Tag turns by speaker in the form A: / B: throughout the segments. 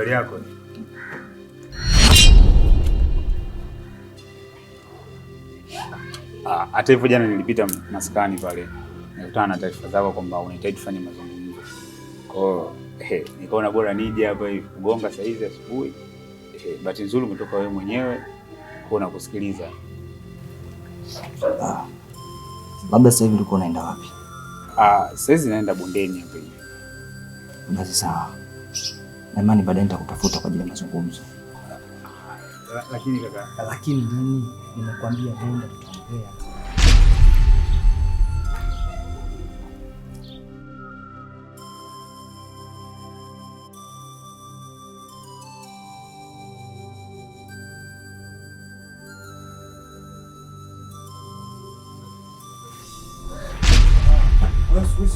A: habari yako? Ah, hata hivyo jana nilipita maskani pale nikutana na taarifa zako kwamba unahitaji kufanya mazungumzo. Kwa hiyo eh, nikaona bora nije hapa hivi kugonga saa hizi asubuhi. Eh, bahati nzuri umetoka wewe mwenyewe kwa nakusikiliza.
B: Ah, labda sasa hivi ulikuwa unaenda wapi?
A: Ah, sasa hivi naenda bondeni hapa hivi.
B: Basi sawa na imani baadaye nitakutafuta kwa ajili ya mazungumzo.
A: Lakini kaka,
B: lakini nini? Nimekwambia nenda tutaongea.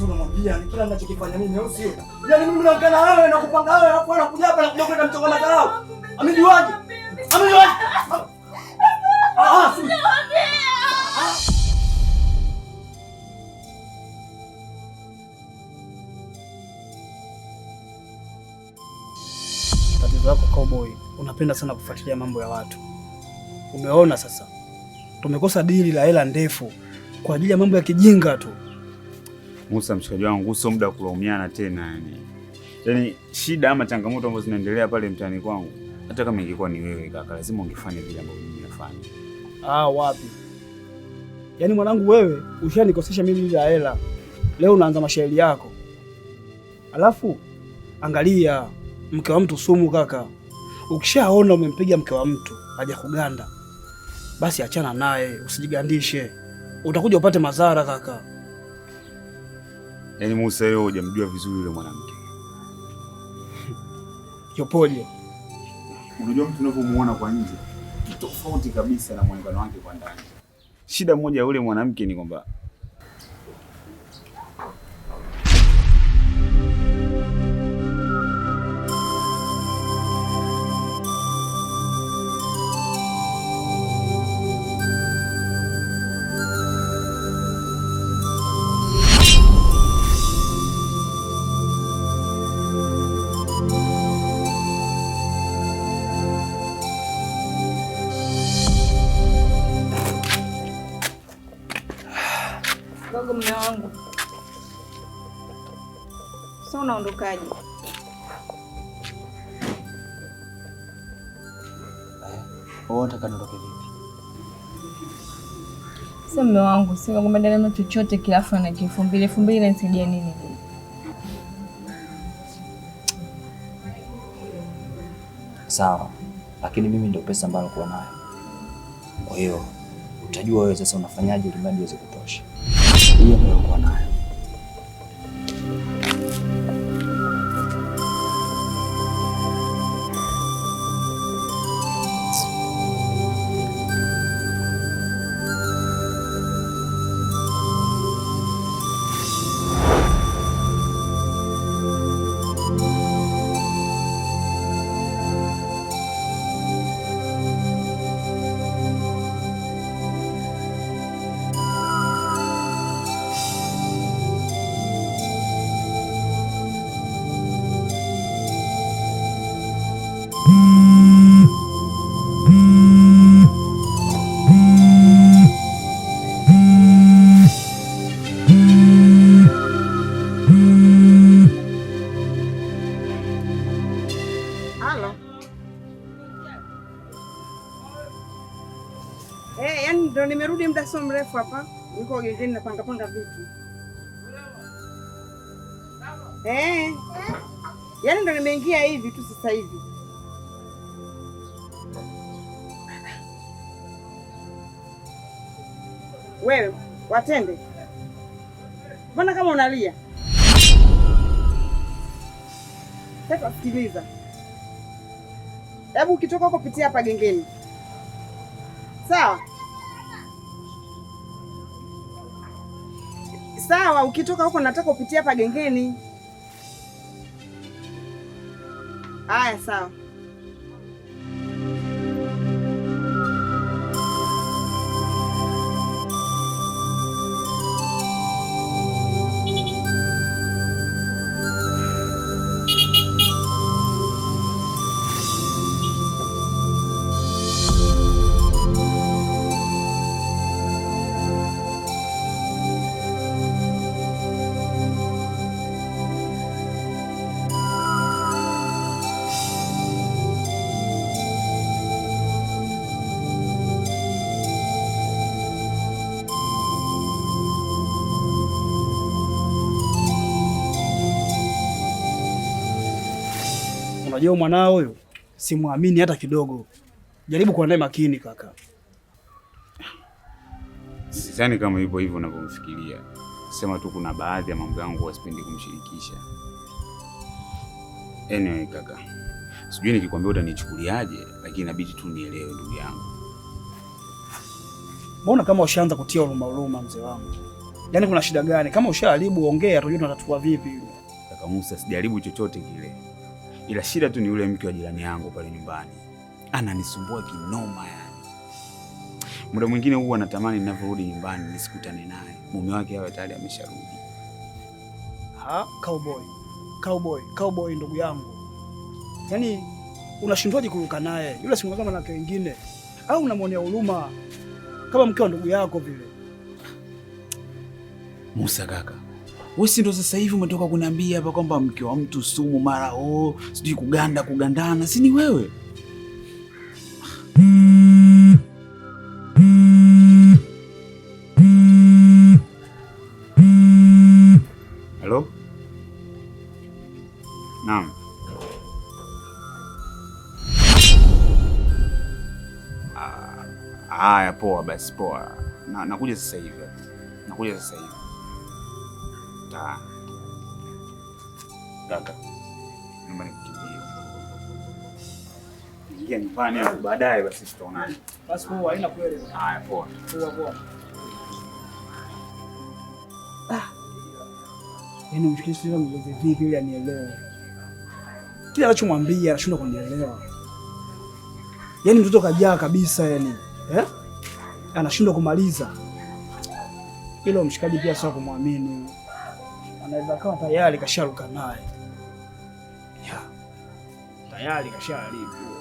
C: unamwambia kila ninachokifanya mimi au sio? Yaani mimi nakaa na wewe na kupanga wewe alafu wewe unakuja hapa na kuja kuleta mchongo na karao. Amejuaje? Amejuaje? ah, ah, ah Tatizo lako cowboy, unapenda sana kufuatilia mambo ya watu. Umeona sasa, tumekosa dili la hela ndefu kwa ajili ya mambo ya kijinga tu.
A: Musa, mshikaji wangu, uso muda kulaumiana tena yani. Yaani shida ama changamoto ambazo zinaendelea pale mtaani kwangu, hata kama ingekuwa ni wewe kaka, lazima ungefanya vile ambavyo mimi nafanya.
C: Ah, wapi? Yaani mwanangu, wewe ushanikosesha mimi ile hela. Leo unaanza mashairi yako, alafu angalia mke wa mtu sumu kaka. Ukishaona umempiga mke wa mtu hajakuganda, basi achana naye, usijigandishe, utakuja upate madhara kaka.
A: Yaani Musa leo hujamjua vizuri yule mwanamke.
C: Yopoje?
A: Unajua mtu unavyomuona kwa nje tofauti kabisa na mwonekano wake kwa ndani. Shida moja ya yule mwanamke ni kwamba
D: unaondokaje?
B: Eh, unataka niondoke vipi?
D: Sasa mume wangu sikagombana na chochote kilafu na elfu mbili elfu mbili inanisaidia nini?
B: Sawa, lakini mimi ndio pesa ambayo niko nayo. Kwa hiyo utajua wewe sasa unafanyaje ili mradi uweze kutosha hiyo ndio niko nayo.
D: muda sio mrefu hapa niko gengeni napangapanga vitu eh, yaani ndo nimeingia hivi tu sasa hivi. Wewe Watende, mbona kama unalia? Sasa sikiliza, hebu ukitoka huko pitia hapa gengeni, sawa? sawa, ukitoka huko nataka upitia hapa gengeni. Haya, sawa.
C: unajua mwanao huyo simwamini hata kidogo. Jaribu kuwa naye makini kaka.
A: Sidhani kama hivyo hivyo unavyomfikiria. Sema tu kuna baadhi ya mambo yangu wasipendi kumshirikisha. Anyway, kaka, sijui nikikwambia utanichukuliaje, lakini inabidi tu nielewe ndugu yangu.
C: Mbona kama ushaanza kutia huruma huruma, mzee wangu? Yaani kuna shida gani? Kama ushaharibu, ongea, tujue tunatatua vipi.
A: Kaka Musa, sijaribu chochote kile ila shida tu ni yule mke wa jirani yangu pale nyumbani ananisumbua kinoma. Yani muda mwingine huwa natamani ninavyorudi nyumbani nisikutane naye, mume wake awe tayari amesharudi.
C: Ha, cowboy cowboy cowboy, ndugu yangu, yaani unashindwaje kuruka naye yule? Simu kama wanawake wengine au unamwonea huruma kama mke wa ndugu yako vile?
A: Musa kaka Wesi ndo sasa hivi umetoka kuniambia hapa kwamba mke wa mtu sumu, mara oh, sijui kuganda kugandana, si ni wewe? Halo, naam. Ah, haya, poa basi, poa. Nakuja sasa hivi, nakuja sasa hivi mtaa. Kaka, nyumbani kukimbia. Ingia nyumbani au baadaye basi tutaonana. Basi huwa haina kweli. Haya poa. Poa poa.
C: Ah. Yaani mshikishe sio mzazi vipi ili anielewe. Kile anachomwambia anashindwa kunielewa. Yaani mtoto kajaa kabisa yani. Eh? Anashindwa kumaliza. Hilo mshikaji pia sio kumwamini anaweza kawa tayari kasharuka naye, tayari kashaaribu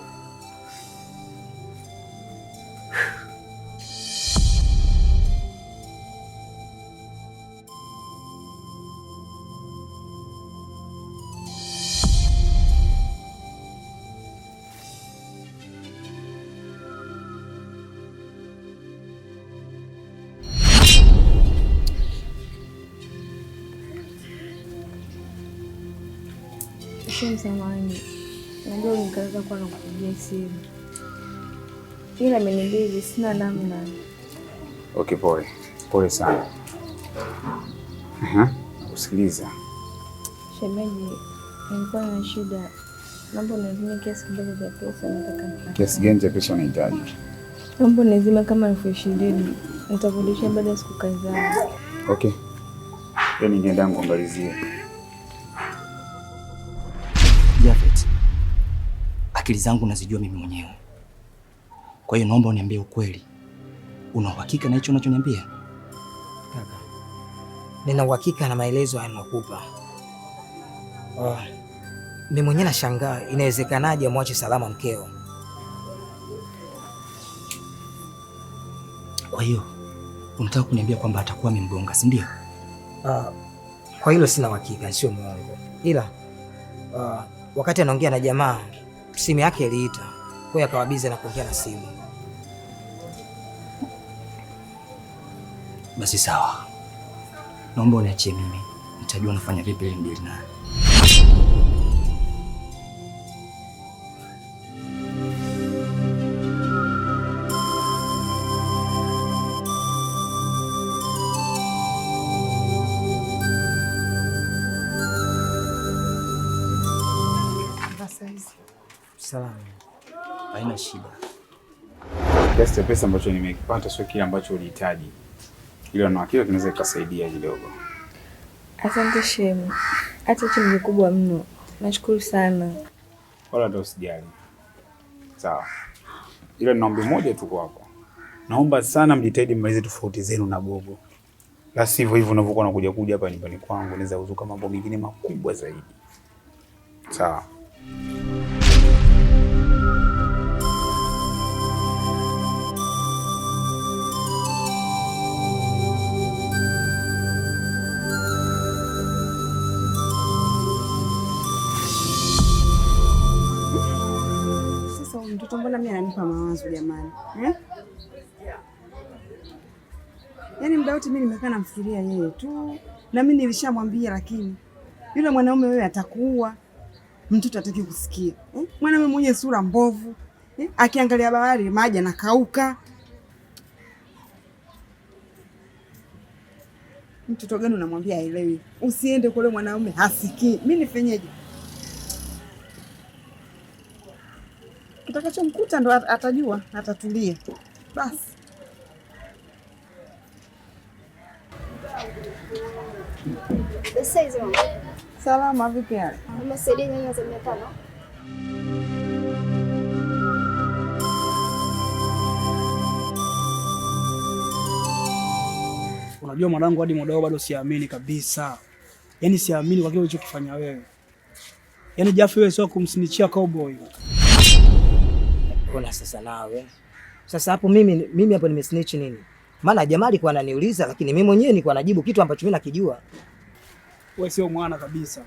D: msamani samahani, najua unikaweza kuwa nakupigia simu, ila imenibidi, sina namna.
A: Okay, pole pole sana. Aha, uh-huh. usikiliza
D: shemeji, nilikuwa na shida, naomba unizime kiasi kidogo cha pesa. Nataka
A: kiasi gani cha pesa unahitaji?
D: Naomba unizime kama elfu ishirini, nitarudisha baada ya siku kadhaa.
A: Okay, nienda ngomalizie
B: akili zangu nazijua mimi mwenyewe. Kwa hiyo naomba uniambie ukweli, una uhakika na hicho unachoniambia?
E: Kaka, nina uhakika na maelezo yanayokupa. Oh, mimi mwenyewe nashangaa inawezekanaje amwache salama mkeo.
B: Kwa hiyo unataka kuniambia kwamba atakuwa amemgonga, si ndio?
E: Uh, kwa hilo sina uhakika, sio mwongo, ila uh, wakati anaongea na jamaa simu yake iliita, kwa hiyo akawa na kuongea na simu.
B: Basi sawa, naomba uniachie mimi, nitajua nafanya vipi ili mbili naye Salama. Haina shida.
A: Kiasi cha pesa ambacho nimekipata sio kile ambacho ulihitaji, ila na kile kinaweza kikasaidia kidogo.
D: Asante shemu, hata chini kubwa mno. Nashukuru sana.
A: Wala ndio usijali. Sawa, ila naombi moja tu kwako, naomba sana mjitahidi mmalize tofauti zenu na Gogo, la sivyo hivyo unavyokuwa unakuja kuja hapa nyumbani kwangu naweza kuzuka mambo mengine makubwa zaidi. Sawa.
D: Mtoto mbona mimi ananipa mawazo jamani eh? Yaani muda wote mimi nimekaa namfikiria yeye tu, na mimi nilishamwambia, lakini yule mwanaume wewe atakuua. Mtoto hataki kusikia eh? Mwanaume mwenye sura mbovu eh? Akiangalia bahari maji anakauka. Mtoto gani unamwambia aelewi? Usiende kwa yule mwanaume, hasikii. Mimi nifenyeje Kitakachomkuta ndo atajua, atatulia basi. Salama, vipi
C: Unajua mwanangu, hadi muda bado siamini kabisa, yaani siamini kwa kile ulichokifanya wewe. Yaani Jafu, wewe sio kumsinichia cowboy
B: mbona sasa nawe eh. sasa hapo mimi mimi hapo nime snitch nini? Maana jamaa alikuwa ananiuliza, lakini mimi mwenyewe nilikuwa najibu kitu ambacho mimi nakijua.
C: Wewe sio mwana kabisa,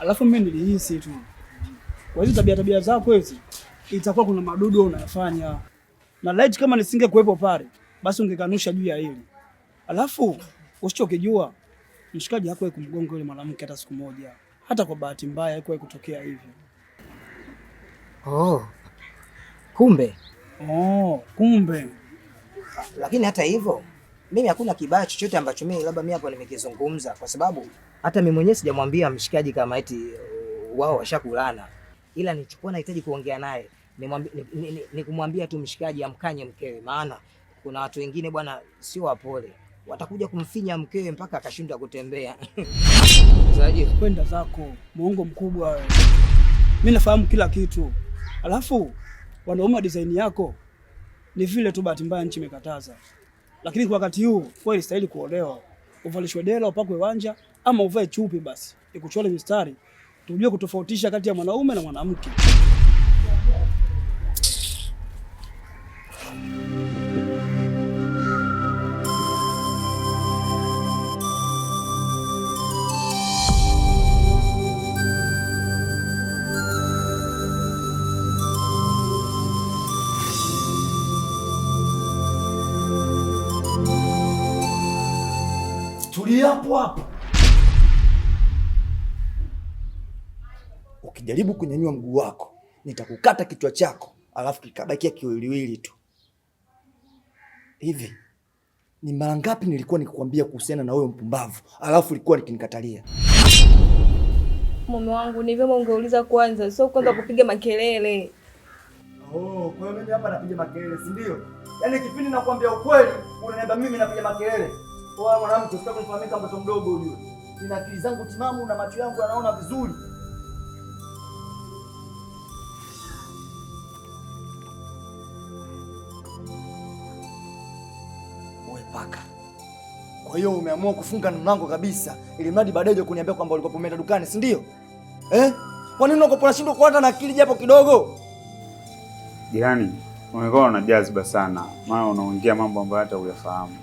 C: alafu mimi nilihisi tu kwa hizo tabia tabia zako hizi, itakuwa kuna madudu unayofanya, na laiti kama nisinge kuwepo pale, basi ungekanusha juu ya hili. Alafu usichokijua mshikaji yako kumgonga yule mwanamke hata siku moja, hata kwa bahati mbaya haikuwahi kutokea hivyo.
B: Oh. Kumbe
C: oh, kumbe.
B: Lakini hata hivyo mimi hakuna kibaya chochote ambacho mimi labda mimi hapo nimekizungumza, kwa sababu hata mimi mwenyewe sijamwambia mshikaji kama eti uh, wao washakulana, ila nichukua nahitaji kuongea naye nikumwambia ni, ni, ni tu mshikaji amkanye mkewe, maana kuna watu wengine bwana sio wapole, watakuja kumfinya mkewe mpaka akashindwa kutembea.
C: Zaji kwenda zako, muongo mkubwa wewe. Mimi nafahamu kila kitu alafu wanauma design yako, ni vile tu bahati mbaya nchi imekataza. Lakini kwa wakati huu kweli stahili kuolewa, uvalishwe dela, upakwe wanja, ama uvae chupi basi ikuchole mistari, tujue kutofautisha kati ya mwanaume na mwanamke. hapo hapo.
B: Ukijaribu kunyanyua mguu wako nitakukata kichwa chako, alafu kikabakia kiwiliwili tu. Hivi ni mara ngapi nilikuwa nikikwambia kuhusiana na huyo mpumbavu, alafu ulikuwa nikinikatalia?
D: Mume wangu, ni vyema ungeuliza kwanza, sio kwanza kupiga makelele.
C: Oh, kwa hiyo mimi hapa napiga makelele, si ndio? Yaani kipindi nakwambia ukweli, unaniambia mimi napiga makelele. Oa mwanamke, usitaki kufahamika mtoto mdogo ujue. Nina akili zangu timamu na macho yangu yanaona vizuri.
B: Kwa hiyo umeamua kufunga mlango kabisa ili mradi baadaye kuniambia kwamba ulikuwa umeenda dukani, si ndio? Eh? Kwa nini unakopola shindo kuata na akili japo kidogo?
A: Jirani, umekuwa una sana, maana unaongea mambo ambayo hata uyafahamu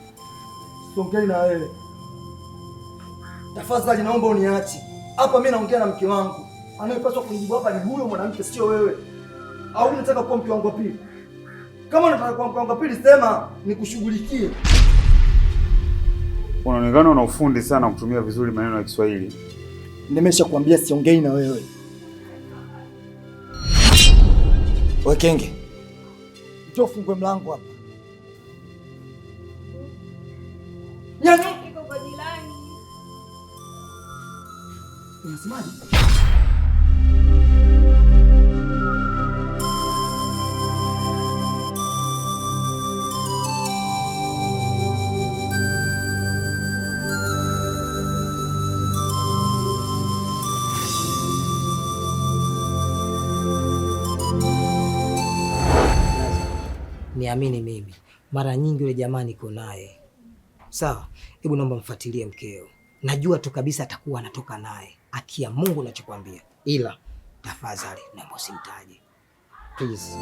C: siongei na wewe tafadhali, naomba uniache hapa. Mimi naongea na mke wangu, anayepaswa kunijibu hapa ni huyo mwanamke, sio wewe. Au unataka kuwa mke wangu wa pili? Kama unataka kuwa mke wangu wa pili, sema nikushughulikie.
A: Unaonekana una ufundi sana kutumia vizuri maneno ya Kiswahili.
B: Nimesha kuambia siongei na wewe. Wekenge,
C: njoo fungue mlango hapa.
B: Unasemaje? Niamini mimi, mara nyingi yule jamaa niko naye sawa. Hebu naomba mfuatilie mkeo, najua tu kabisa atakuwa anatoka naye akia Mungu nachokwambia, ila tafadhali naomba usimtaje please.